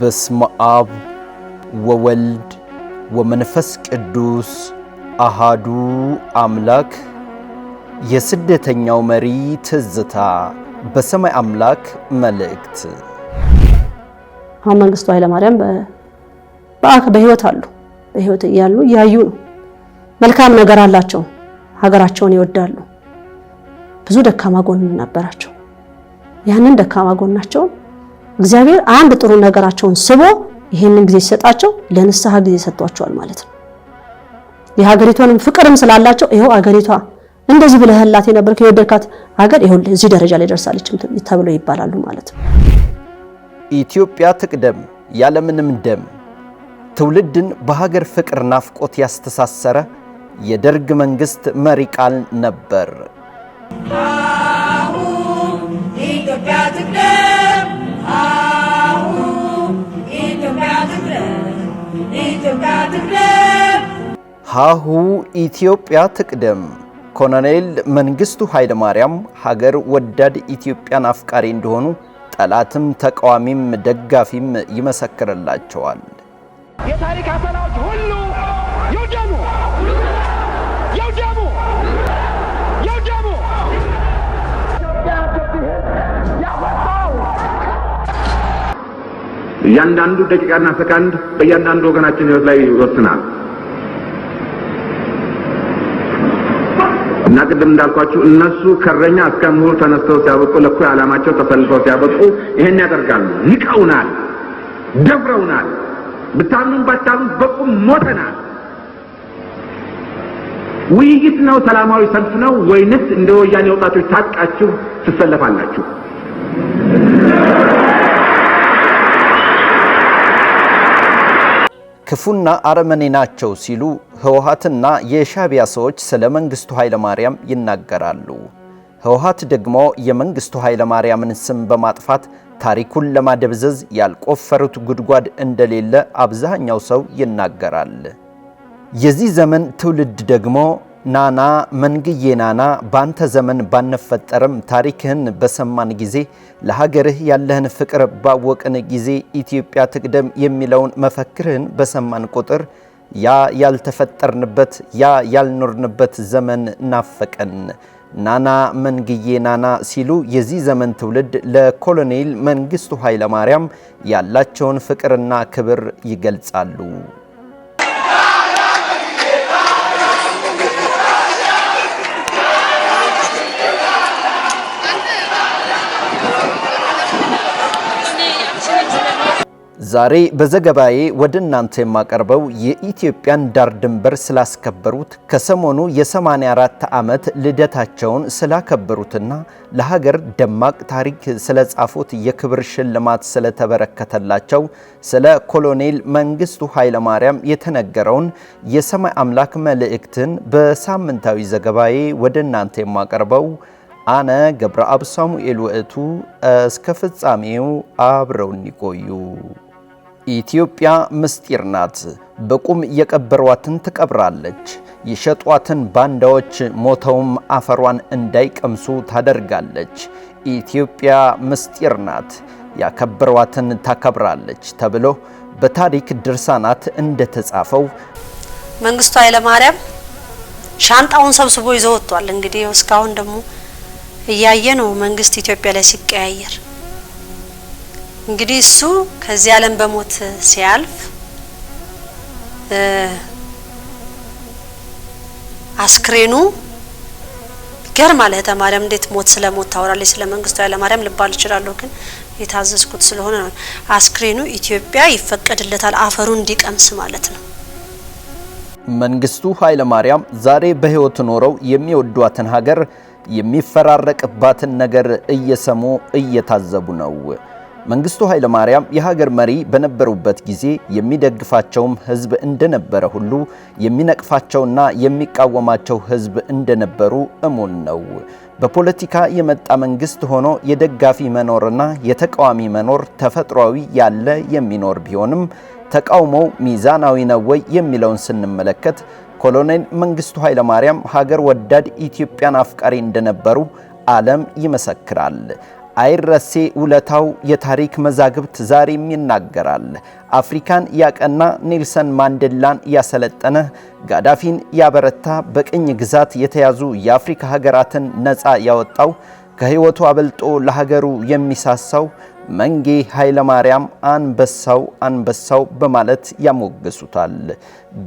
በስመ አብ ወወልድ ወመንፈስ ቅዱስ አሃዱ አምላክ። የስደተኛው መሪ ትዝታ በሰማይ አምላክ መልእክት። አሁን መንግስቱ ኃይለማርያም በህይወት አሉ። በህይወት እያሉ እያዩ ነው። መልካም ነገር አላቸው። ሀገራቸውን ይወዳሉ። ብዙ ደካማ ጎን ነበራቸው። ያንን ደካማ ጎናቸውን እግዚአብሔር አንድ ጥሩ ነገራቸውን ስቦ ይህንን ጊዜ ሲሰጣቸው ለንስሐ ጊዜ ሰጥቷቸዋል ማለት ነው። የሀገሪቷንም ፍቅርም ስላላቸው ይኸው አገሪቷ እንደዚህ ብለህላት የነበርክ የወደድካት ሀገር ይኸው እዚህ ደረጃ ላይ ደርሳለች ተብሎ ይባላሉ ማለት ነው። ኢትዮጵያ ትቅደም ያለምንም ደም። ትውልድን በሀገር ፍቅር ናፍቆት ያስተሳሰረ የደርግ መንግስት መሪ ቃል ነበር። ሀሁ ኢትዮጵያ ትቅደም። ኮሎኔል መንግስቱ ኃይለማርያም ሀገር ወዳድ ኢትዮጵያን አፍቃሪ እንደሆኑ ጠላትም ተቃዋሚም ደጋፊም ይመሰክርላቸዋል። የታሪክ ሁሉ ይውደሙ፣ ይውደሙ፣ ይውደሙ። እያንዳንዱ ደቂቃና ሰካንድ በእያንዳንዱ ወገናችን ህይወት ላይ ይወስናል። እና ቅድም እንዳልኳችሁ እነሱ ከረኛ እስከ ምሁር ተነስተው ሲያበቁ ለኩ ዓላማቸው ተሰልፈው ሲያበቁ ይሄን ያደርጋሉ። ንቀውናል፣ ደፍረውናል፣ ብታምኑም ባታምኑም በቁም ሞተናል። ውይይት ነው፣ ሰላማዊ ሰልፍ ነው ወይንስ እንደ ወያኔ ወጣቶች ታጥቃችሁ ትሰለፋላችሁ? ክፉና አረመኔ ናቸው ሲሉ ህወሓትና የሻቢያ ሰዎች ስለ መንግስቱ ኃይለማርያም ይናገራሉ። ህወሓት ደግሞ የመንግስቱ ኃይለማርያምን ስም በማጥፋት ታሪኩን ለማደብዘዝ ያልቆፈሩት ጉድጓድ እንደሌለ አብዛኛው ሰው ይናገራል። የዚህ ዘመን ትውልድ ደግሞ ናና መንግዬ ናና ባንተ ዘመን ባንፈጠርም ታሪክህን በሰማን ጊዜ ለሀገርህ ያለህን ፍቅር ባወቅን ጊዜ ኢትዮጵያ ትቅደም የሚለውን መፈክርህን በሰማን ቁጥር ያ ያልተፈጠርንበት ያ ያልኖርንበት ዘመን ናፈቀን። ናና መንግዬ ናና ሲሉ የዚህ ዘመን ትውልድ ለኮሎኔል መንግስቱ ኃይለማርያም ያላቸውን ፍቅርና ክብር ይገልጻሉ። ዛሬ በዘገባዬ ወደ እናንተ የማቀርበው የኢትዮጵያን ዳር ድንበር ስላስከበሩት ከሰሞኑ የ84 ዓመት ልደታቸውን ስላከበሩትና ለሀገር ደማቅ ታሪክ ስለጻፉት የክብር ሽልማት ስለተበረከተላቸው ስለ ኮሎኔል መንግስቱ ኃይለማርያም የተነገረውን የሰማይ አምላክ መልእክትን በሳምንታዊ ዘገባዬ ወደ እናንተ የማቀርበው አነ ገብረአብ ሳሙኤል ውእቱ እስከ ፍጻሜው አብረውን ይቆዩ። ኢትዮጵያ ምስጢር ናት። በቁም የቀበሯትን ትቀብራለች። የሸጧትን ባንዳዎች ሞተውም አፈሯን እንዳይቀምሱ ታደርጋለች። ኢትዮጵያ ምስጢር ናት፣ ያከበሯትን ታከብራለች ተብሎ በታሪክ ድርሳናት እንደተጻፈው መንግስቱ ኃይለማርያም ሻንጣውን ሰብስቦ ይዘው ወጥቷል። እንግዲህ እስካሁን ደግሞ እያየ ነው መንግስት ኢትዮጵያ ላይ ሲቀያየር እንግዲህ እሱ ከዚህ ዓለም በሞት ሲያልፍ አስክሬኑ ይገርማል። ማለት ማርያም እንዴት ሞት ስለ ሞት ታወራለች፣ ስለ መንግስቱ ማርያም ልባል እችላለሁ፣ ግን የታዘዝኩት ስለሆነ ነው። አስክሬኑ ኢትዮጵያ ይፈቀድለታል፣ አፈሩ እንዲቀምስ ማለት ነው። መንግስቱ ኃይለ ማርያም ዛሬ በህይወት ኖረው የሚወዷትን ሀገር የሚፈራረቅባትን ነገር እየሰሙ እየታዘቡ ነው። መንግስቱ ኃይለማርያም የሀገር መሪ በነበሩበት ጊዜ የሚደግፋቸውም ህዝብ እንደነበረ ሁሉ የሚነቅፋቸውና የሚቃወማቸው ህዝብ እንደነበሩ እሙን ነው። በፖለቲካ የመጣ መንግስት ሆኖ የደጋፊ መኖርና የተቃዋሚ መኖር ተፈጥሯዊ ያለ የሚኖር ቢሆንም ተቃውሞው ሚዛናዊ ነው ወይ የሚለውን ስንመለከት ኮሎኔል መንግስቱ ኃይለ ማርያም ሀገር ወዳድ ኢትዮጵያን አፍቃሪ እንደነበሩ ዓለም ይመሰክራል። አይረሴ ውለታው የታሪክ መዛግብት ዛሬም ይናገራል። አፍሪካን ያቀና፣ ኔልሰን ማንዴላን ያሰለጠነ፣ ጋዳፊን ያበረታ፣ በቅኝ ግዛት የተያዙ የአፍሪካ ሀገራትን ነፃ ያወጣው፣ ከህይወቱ አበልጦ ለሀገሩ የሚሳሳው መንጌ ኃይለማርያም አንበሳው አንበሳው በማለት ያሞግሱታል።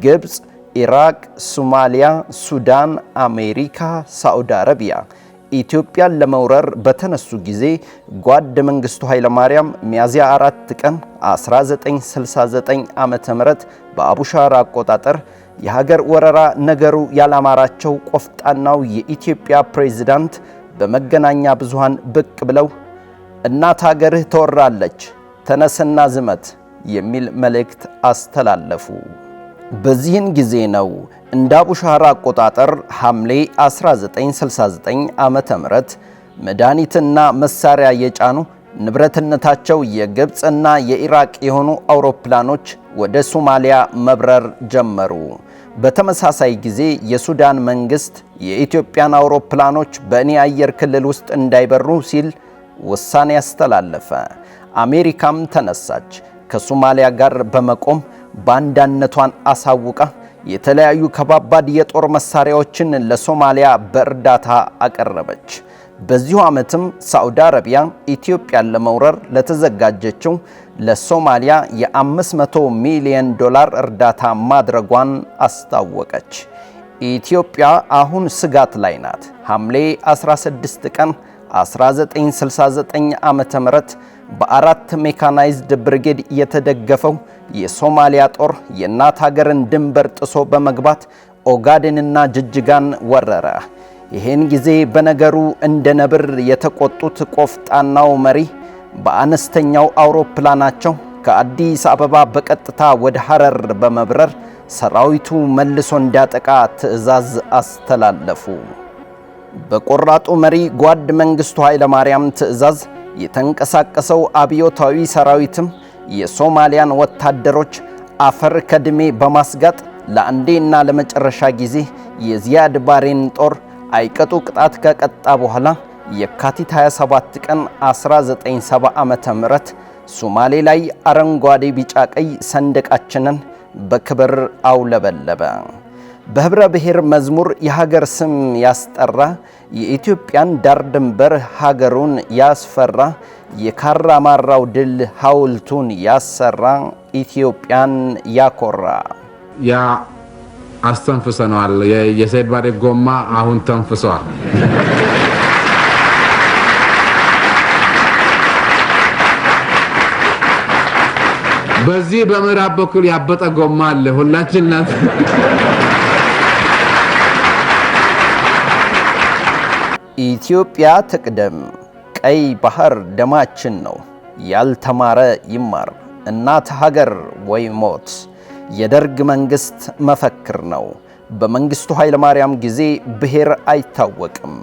ግብፅ፣ ኢራቅ፣ ሶማሊያ፣ ሱዳን፣ አሜሪካ፣ ሳዑዲ አረቢያ ኢትዮጵያን ለመውረር በተነሱ ጊዜ ጓድ መንግስቱ ኃይለማርያም ሚያዝያ 4 ቀን 1969 ዓ.ም በአቡሻር አቆጣጠር የሀገር ወረራ ነገሩ ያላማራቸው ቆፍጣናው የኢትዮጵያ ፕሬዝዳንት በመገናኛ ብዙሃን ብቅ ብለው እናት ሀገርህ ተወራለች፣ ተነስና ዝመት የሚል መልእክት አስተላለፉ። በዚህን ጊዜ ነው እንደ አቡሻራ አቆጣጠር ሐምሌ 1969 ዓመተ ምህረት መድኃኒትና መሳሪያ የጫኑ ንብረትነታቸው የግብፅና የኢራቅ የሆኑ አውሮፕላኖች ወደ ሶማሊያ መብረር ጀመሩ። በተመሳሳይ ጊዜ የሱዳን መንግሥት የኢትዮጵያን አውሮፕላኖች በእኔ አየር ክልል ውስጥ እንዳይበሩ ሲል ውሳኔ አስተላለፈ። አሜሪካም ተነሳች። ከሶማሊያ ጋር በመቆም ባንዳነቷን አሳውቃ የተለያዩ ከባባድ የጦር መሳሪያዎችን ለሶማሊያ በእርዳታ አቀረበች። በዚሁ ዓመትም ሳዑዲ አረቢያ ኢትዮጵያን ለመውረር ለተዘጋጀችው ለሶማሊያ የ500 ሚሊዮን ዶላር እርዳታ ማድረጓን አስታወቀች። ኢትዮጵያ አሁን ስጋት ላይ ናት። ሐምሌ 16 ቀን 1969 ም በአራት ሜካናይዝድ ብርጌድ የተደገፈው የሶማሊያ ጦር የእናት ሀገርን ድንበር ጥሶ በመግባት ኦጋዴንና ጅጅጋን ወረረ። ይህን ጊዜ በነገሩ እንደ ነብር የተቆጡት ቆፍጣናው መሪ በአነስተኛው አውሮፕላናቸው ከአዲስ አበባ በቀጥታ ወደ ሐረር በመብረር ሰራዊቱ መልሶ እንዲያጠቃ ትዕዛዝ አስተላለፉ። በቆራጡ መሪ ጓድ መንግሥቱ ኃይለማርያም ትዕዛዝ የተንቀሳቀሰው አብዮታዊ ሰራዊትም የሶማሊያን ወታደሮች አፈር ከድሜ በማስጋጥ ለአንዴና ለመጨረሻ ጊዜ የዚያድ ባሬን ጦር አይቀጡ ቅጣት ከቀጣ በኋላ የካቲት 27 ቀን 1970 ዓ.ም ሶማሌ ላይ አረንጓዴ፣ ቢጫ፣ ቀይ ሰንደቃችንን በክብር አውለበለበ። በህብረ ብሔር መዝሙር የሀገር ስም ያስጠራ የኢትዮጵያን ዳር ድንበር ሀገሩን ያስፈራ የካራ ማራው ድል ሐውልቱን ያሰራ ኢትዮጵያን ያኮራ ያ አስተንፍሰነዋል። የሰይድ ባሬ ጎማ አሁን ተንፍሰዋል። በዚህ በምዕራብ በኩል ያበጠ ጎማ አለ ሁላችን ኢትዮጵያ ትቅደም፣ ቀይ ባህር ደማችን ነው። ያልተማረ ይማር፣ እናት ሀገር ወይ ሞት የደርግ መንግስት መፈክር ነው። በመንግስቱ ኃይለማርያም ጊዜ ብሔር አይታወቅም።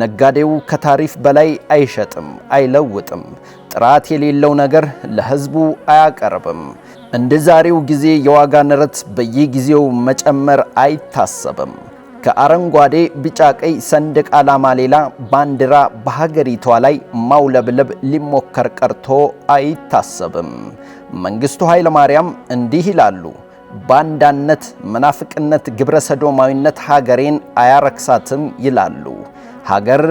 ነጋዴው ከታሪፍ በላይ አይሸጥም፣ አይለውጥም። ጥራት የሌለው ነገር ለህዝቡ አያቀርብም። እንደ ዛሬው ጊዜ የዋጋ ንረት በየጊዜው መጨመር አይታሰብም። ከአረንጓዴ ቢጫ፣ ቀይ ሰንደቅ ዓላማ ሌላ ባንዲራ በሀገሪቷ ላይ ማውለብለብ ሊሞከር ቀርቶ አይታሰብም። መንግስቱ ኃይለ ማርያም እንዲህ ይላሉ። ባንዳነት፣ መናፍቅነት፣ ግብረ ሰዶማዊነት ሀገሬን አያረክሳትም ይላሉ። ሀገር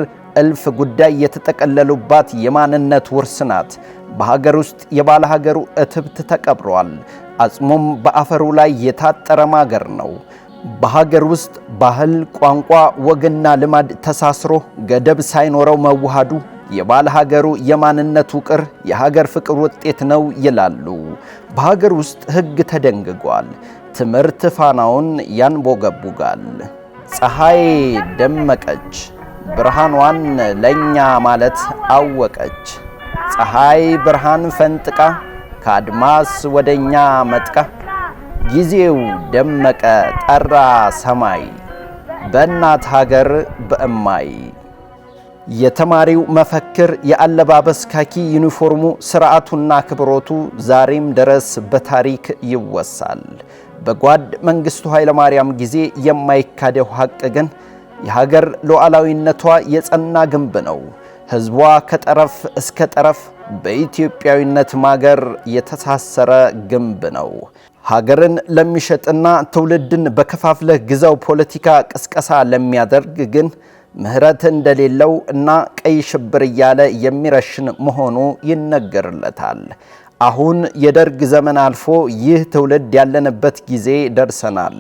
እልፍ ጉዳይ የተጠቀለሉባት የማንነት ውርስ ናት። በሀገር ውስጥ የባለ ሀገሩ እትብት ተቀብሯል። አጽሙም በአፈሩ ላይ የታጠረ ማገር ነው። በሀገር ውስጥ ባህል፣ ቋንቋ፣ ወግና ልማድ ተሳስሮ ገደብ ሳይኖረው መዋሃዱ የባለ ሀገሩ የማንነት ውቅር የሀገር ፍቅር ውጤት ነው ይላሉ። በሀገር ውስጥ ሕግ ተደንግጓል። ትምህርት ፋናውን ያንቦገቡጋል። ፀሐይ ደመቀች ብርሃኗን ለእኛ ማለት አወቀች። ፀሐይ ብርሃን ፈንጥቃ ከአድማስ ወደኛ መጥቃ ጊዜው ደመቀ ጠራ ሰማይ በእናት ሀገር በእማይ የተማሪው መፈክር የአለባበስ ካኪ ዩኒፎርሙ ስርዓቱና ክብሮቱ ዛሬም ድረስ በታሪክ ይወሳል። በጓድ መንግስቱ ኃይለማርያም ጊዜ የማይካደው ሀቅ ግን የሀገር ሉዓላዊነቷ የጸና ግንብ ነው። ሕዝቧ ከጠረፍ እስከ ጠረፍ በኢትዮጵያዊነት ማገር የተሳሰረ ግንብ ነው። ሀገርን ለሚሸጥና ትውልድን በከፋፍለህ ግዛው ፖለቲካ ቅስቀሳ ለሚያደርግ ግን ምህረት እንደሌለው እና ቀይ ሽብር እያለ የሚረሽን መሆኑ ይነገርለታል። አሁን የደርግ ዘመን አልፎ ይህ ትውልድ ያለንበት ጊዜ ደርሰናል።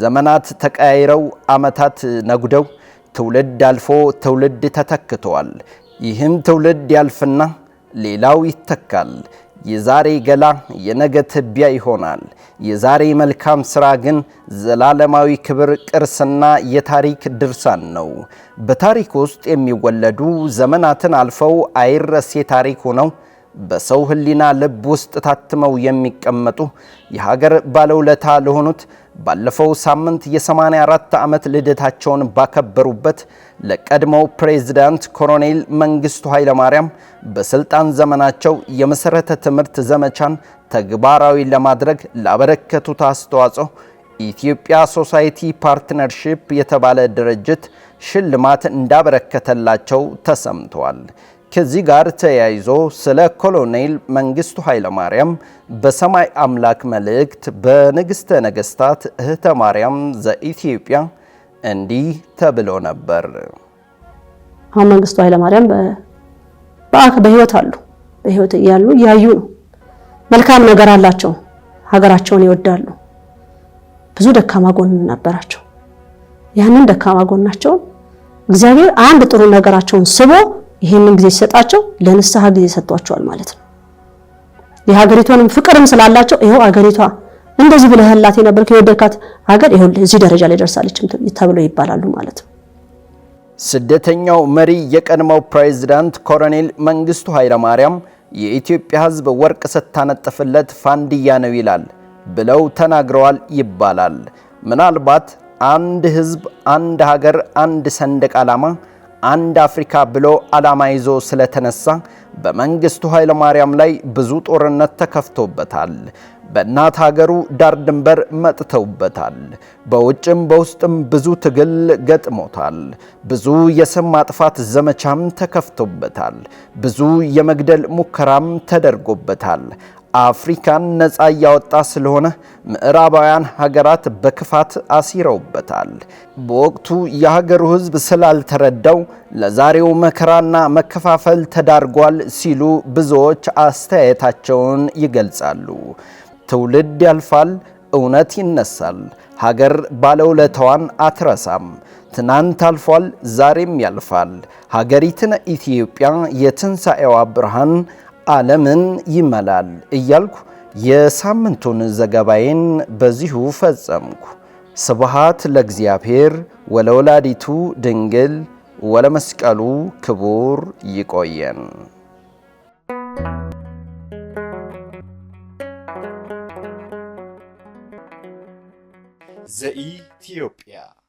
ዘመናት ተቀያይረው ዓመታት ነጉደው ትውልድ አልፎ ትውልድ ተተክቷል። ይህም ትውልድ ያልፍና ሌላው ይተካል። የዛሬ ገላ የነገ ትቢያ ይሆናል። የዛሬ መልካም ሥራ ግን ዘላለማዊ ክብር፣ ቅርስና የታሪክ ድርሳን ነው። በታሪክ ውስጥ የሚወለዱ ዘመናትን አልፈው አይረሴ ታሪክ ሆነው በሰው ሕሊና ልብ ውስጥ ታትመው የሚቀመጡ የሀገር ባለውለታ ለሆኑት ባለፈው ሳምንት የ84 ዓመት ልደታቸውን ባከበሩበት ለቀድሞው ፕሬዝዳንት ኮሎኔል መንግስቱ ኃይለማርያም በስልጣን ዘመናቸው የመሠረተ ትምህርት ዘመቻን ተግባራዊ ለማድረግ ላበረከቱት አስተዋጽኦ ኢትዮጵያ ሶሳይቲ ፓርትነርሺፕ የተባለ ድርጅት ሽልማት እንዳበረከተላቸው ተሰምተዋል። ከዚህ ጋር ተያይዞ ስለ ኮሎኔል መንግስቱ ኃይለማርያም በሰማይ አምላክ መልእክት በንግሥተ ነገሥታት እህተ ማርያም ዘኢትዮጵያ እንዲህ ተብሎ ነበር። አሁን መንግስቱ ኃይለማርያም በህይወት አሉ። በህይወት እያሉ እያዩ ነው። መልካም ነገር አላቸው። ሀገራቸውን ይወዳሉ። ብዙ ደካማ ጎን ነበራቸው። ያንን ደካማ ጎናቸውን እግዚአብሔር አንድ ጥሩ ነገራቸውን ስቦ ይህንን ጊዜ ሲሰጣቸው ለንስሐ ጊዜ ሰጥቷቸዋል ማለት ነው። የሀገሪቷንም ፍቅርም ስላላቸው ይኸው አገሪቷ እንደዚህ ብለህላት የነበርክ የወደድካት ሀገር ይኸው እዚህ ደረጃ ላይ ደርሳለችም ተብሎ ይባላሉ ማለት ነው። ስደተኛው መሪ የቀድሞው ፕሬዝዳንት ኮሎኔል መንግስቱ ኃይለማርያም የኢትዮጵያ ሕዝብ ወርቅ ስታነጥፍለት ፋንድያ ነው ይላል ብለው ተናግረዋል ይባላል። ምናልባት አንድ ሕዝብ፣ አንድ ሀገር፣ አንድ ሰንደቅ ዓላማ አንድ አፍሪካ ብሎ ዓላማ ይዞ ስለተነሳ በመንግስቱ ኃይለማርያም ላይ ብዙ ጦርነት ተከፍቶበታል። በእናት ሀገሩ ዳር ድንበር መጥተውበታል። በውጭም በውስጥም ብዙ ትግል ገጥሞታል። ብዙ የስም ማጥፋት ዘመቻም ተከፍቶበታል። ብዙ የመግደል ሙከራም ተደርጎበታል። አፍሪካን ነፃ እያወጣ ስለሆነ ምዕራባውያን ሀገራት በክፋት አሲረውበታል። በወቅቱ የሀገሩ ሕዝብ ስላልተረዳው ለዛሬው መከራና መከፋፈል ተዳርጓል ሲሉ ብዙዎች አስተያየታቸውን ይገልጻሉ። ትውልድ ያልፋል፣ እውነት ይነሳል። ሀገር ባለውለታዋን አትረሳም። ትናንት አልፏል፣ ዛሬም ያልፋል። ሀገሪትን ኢትዮጵያ የትንሣኤዋ ብርሃን ዓለምን ይመላል እያልኩ የሳምንቱን ዘገባዬን በዚሁ ፈጸምኩ። ስብሃት ለእግዚአብሔር ወለወላዲቱ ድንግል ወለመስቀሉ ክቡር ይቆየን። ዘኢትዮጵያ